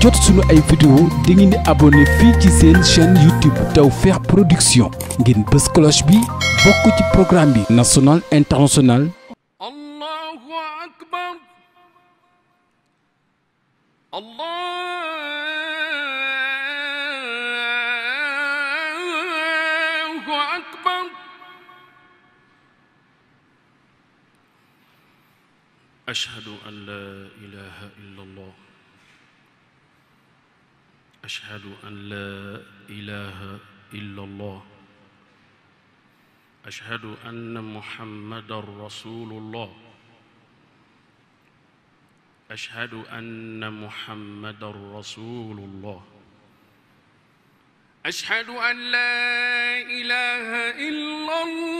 jot suñu ay vidéo da ngeen di fii ci seen chaîne YouTube Tawfekh Production ngeen bës cloche bi bokk ci programme bi national international Allahu akbar ashhadu an laa ilaha illa allah ashhadu anna muhammadan rasulullah ashhadu anna muhammadan rasulullah ashhadu an laa ilaha illa allah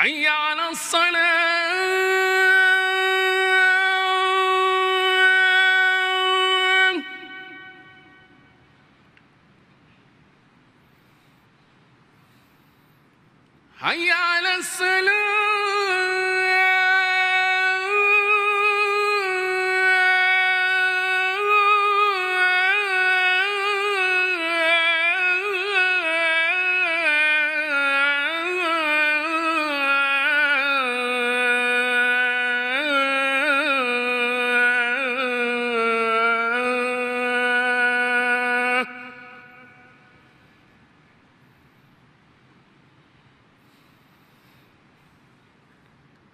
حي على الصلاة حي على السلام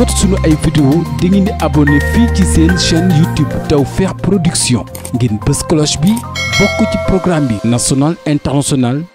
jot suñu ay vidéo di ngeen di abonné fii ci seen chaîne YouTube Tawfekh Production ngeen bës cloche bi bokk ci programme bi national international